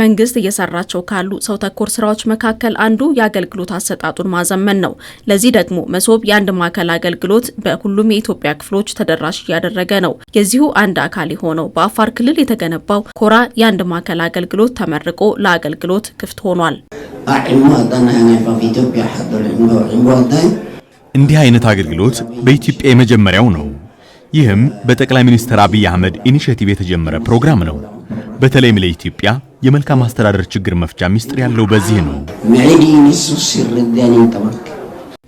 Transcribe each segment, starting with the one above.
መንግስት እየሰራቸው ካሉ ሰው ተኮር ስራዎች መካከል አንዱ የአገልግሎት አሰጣጡን ማዘመን ነው። ለዚህ ደግሞ መሶብ የአንድ ማዕከል አገልግሎት በሁሉም የኢትዮጵያ ክፍሎች ተደራሽ እያደረገ ነው። የዚሁ አንድ አካል የሆነው በአፋር ክልል የተገነባው ኮራ የአንድ ማዕከል አገልግሎት ተመርቆ ለአገልግሎት ክፍት ሆኗል። እንዲህ አይነት አገልግሎት በኢትዮጵያ የመጀመሪያው ነው። ይህም በጠቅላይ ሚኒስትር አብይ አህመድ ኢኒሽቲቭ የተጀመረ ፕሮግራም ነው። በተለይም ለኢትዮጵያ የመልካም አስተዳደር ችግር መፍቻ ሚስጥር ያለው በዚህ ነው።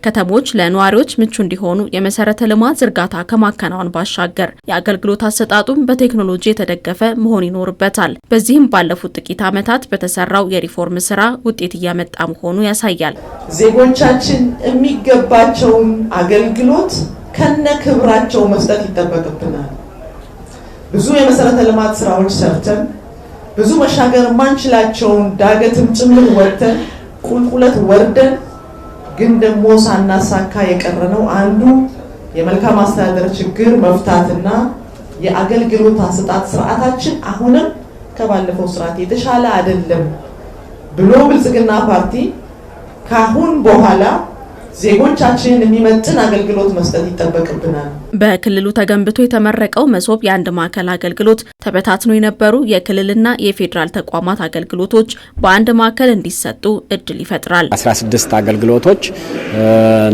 ከተሞች ለነዋሪዎች ምቹ እንዲሆኑ የመሰረተ ልማት ዝርጋታ ከማከናወን ባሻገር የአገልግሎት አሰጣጡም በቴክኖሎጂ የተደገፈ መሆን ይኖርበታል። በዚህም ባለፉት ጥቂት ዓመታት በተሰራው የሪፎርም ስራ ውጤት እያመጣ መሆኑ ያሳያል። ዜጎቻችን የሚገባቸውን አገልግሎት ከነ ክብራቸው መስጠት ይጠበቅብናል። ብዙ የመሰረተ ልማት ስራዎች ሰርተን ብዙ መሻገር ማንችላቸውን ዳገትም ጭምር ወጥተን ቁልቁለት ወርደን ግን ደግሞ ሳናሳካ ነው አንዱ የመልካም አስተዳደር ችግር መፍታትና የአገልግሎት አሰጣጥ ስርዓታችን አሁንም ከባለፈው ስርዓት የተሻለ አይደለም ብሎ ብልጽግና ፓርቲ ካሁን በኋላ ዜጎቻችንን የሚመጥን አገልግሎት መስጠት ይጠበቅብናል። በክልሉ ተገንብቶ የተመረቀው መሶብ የአንድ ማዕከል አገልግሎት ተበታትኖ የነበሩ የክልልና የፌዴራል ተቋማት አገልግሎቶች በአንድ ማዕከል እንዲሰጡ እድል ይፈጥራል። 16 አገልግሎቶች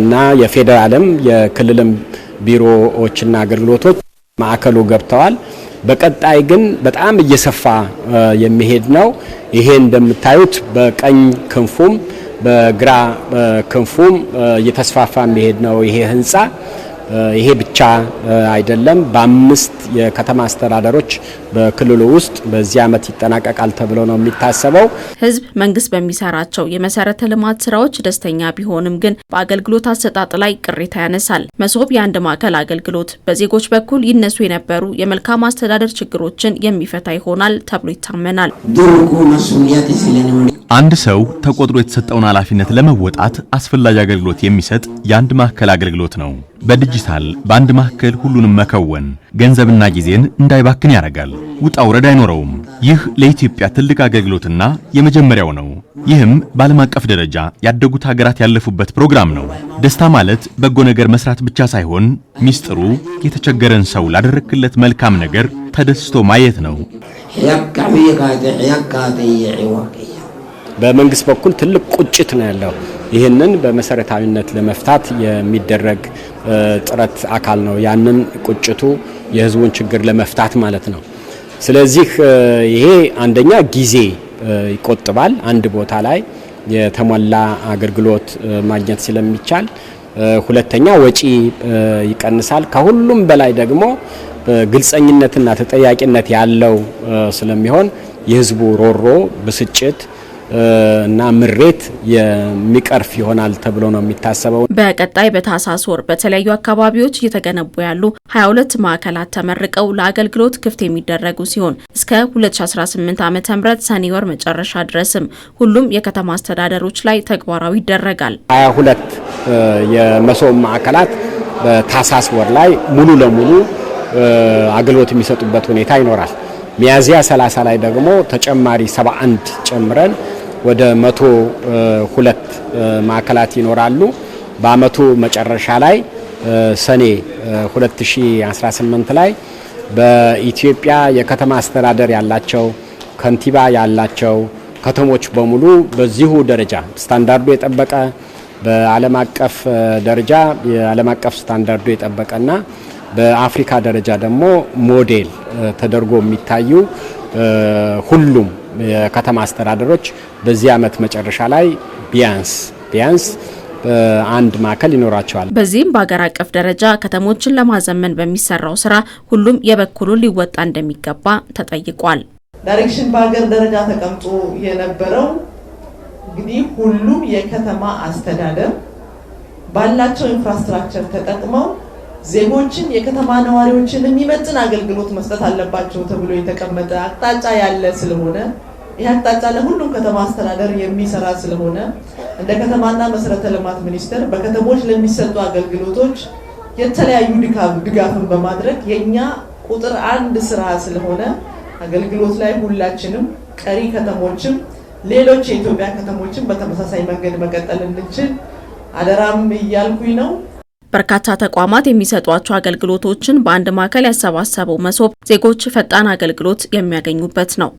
እና የፌዴራልም የክልልም ቢሮዎችና አገልግሎቶች ማዕከሉ ገብተዋል። በቀጣይ ግን በጣም እየሰፋ የሚሄድ ነው። ይሄ እንደምታዩት በቀኝ ክንፉም በግራ ክንፉም እየተስፋፋ የሚሄድ ነው ይሄ ህንፃ። ይሄ ብቻ አይደለም። በአምስት የከተማ አስተዳደሮች በክልሉ ውስጥ በዚህ ዓመት ይጠናቀቃል ተብሎ ነው የሚታሰበው። ህዝብ መንግስት በሚሰራቸው የመሰረተ ልማት ስራዎች ደስተኛ ቢሆንም ግን በአገልግሎት አሰጣጥ ላይ ቅሬታ ያነሳል። መሶብ የአንድ ማዕከል አገልግሎት በዜጎች በኩል ይነሱ የነበሩ የመልካም አስተዳደር ችግሮችን የሚፈታ ይሆናል ተብሎ ይታመናል። አንድ ሰው ተቆጥሮ የተሰጠውን ኃላፊነት ለመወጣት አስፈላጊ አገልግሎት የሚሰጥ የአንድ ማዕከል አገልግሎት ነው። በዲጂታል በአንድ ማዕከል ሁሉንም መከወን ገንዘብና ጊዜን እንዳይባክን ያደርጋል። ውጣ ውረድ አይኖረውም። ይህ ለኢትዮጵያ ትልቅ አገልግሎትና የመጀመሪያው ነው። ይህም በዓለም አቀፍ ደረጃ ያደጉት ሀገራት ያለፉበት ፕሮግራም ነው። ደስታ ማለት በጎ ነገር መስራት ብቻ ሳይሆን ሚስጥሩ የተቸገረን ሰው ላደረክለት መልካም ነገር ተደስቶ ማየት ነው። በመንግስት በኩል ትልቅ ቁጭት ነው ያለው። ይህንን በመሰረታዊነት ለመፍታት የሚደረግ ጥረት አካል ነው። ያንን ቁጭቱ የህዝቡን ችግር ለመፍታት ማለት ነው። ስለዚህ ይሄ አንደኛ ጊዜ ይቆጥባል። አንድ ቦታ ላይ የተሟላ አገልግሎት ማግኘት ስለሚቻል፣ ሁለተኛ ወጪ ይቀንሳል። ከሁሉም በላይ ደግሞ ግልጸኝነትና ተጠያቂነት ያለው ስለሚሆን የህዝቡ ሮሮ ብስጭት እና ምሬት የሚቀርፍ ይሆናል ተብሎ ነው የሚታሰበው። በቀጣይ በታህሳስ ወር በተለያዩ አካባቢዎች እየተገነቡ ያሉ 22 ማዕከላት ተመርቀው ለአገልግሎት ክፍት የሚደረጉ ሲሆን እስከ 2018 ዓ ም ሰኔ ወር መጨረሻ ድረስም ሁሉም የከተማ አስተዳደሮች ላይ ተግባራዊ ይደረጋል። 22 የመሶብ ማዕከላት በታህሳስ ወር ላይ ሙሉ ለሙሉ አገልግሎት የሚሰጡበት ሁኔታ ይኖራል። ሚያዚያ 30 ላይ ደግሞ ተጨማሪ 71 ጨምረን ወደ መቶ ሁለት ማዕከላት ይኖራሉ። በአመቱ መጨረሻ ላይ ሰኔ 2018 ላይ በኢትዮጵያ የከተማ አስተዳደር ያላቸው ከንቲባ ያላቸው ከተሞች በሙሉ በዚሁ ደረጃ ስታንዳርዱ የጠበቀ በዓለም አቀፍ ደረጃ የዓለም አቀፍ ስታንዳርዱ የጠበቀና በአፍሪካ ደረጃ ደግሞ ሞዴል ተደርጎ የሚታዩ ሁሉም የከተማ አስተዳደሮች በዚህ ዓመት መጨረሻ ላይ ቢያንስ ቢያንስ አንድ ማዕከል ይኖራቸዋል። በዚህም በሀገር አቀፍ ደረጃ ከተሞችን ለማዘመን በሚሰራው ስራ ሁሉም የበኩሉን ሊወጣ እንደሚገባ ተጠይቋል። ዳይሬክሽን በሀገር ደረጃ ተቀምጦ የነበረው እንግዲህ ሁሉም የከተማ አስተዳደር ባላቸው ኢንፍራስትራክቸር ተጠቅመው ዜጎችን የከተማ ነዋሪዎችን የሚመጥን አገልግሎት መስጠት አለባቸው ተብሎ የተቀመጠ አቅጣጫ ያለ ስለሆነ ይህ አቅጣጫ ለሁሉም ከተማ አስተዳደር የሚሰራ ስለሆነ እንደ ከተማና መሰረተ ልማት ሚኒስቴር በከተሞች ለሚሰጡ አገልግሎቶች የተለያዩ ድጋፍን በማድረግ የእኛ ቁጥር አንድ ስራ ስለሆነ አገልግሎት ላይ ሁላችንም ቀሪ ከተሞችም ሌሎች የኢትዮጵያ ከተሞችን በተመሳሳይ መንገድ መቀጠል እንችል አደራም እያልኩኝ ነው። በርካታ ተቋማት የሚሰጧቸው አገልግሎቶችን በአንድ ማዕከል ያሰባሰበው መሶብ ዜጎች ፈጣን አገልግሎት የሚያገኙበት ነው።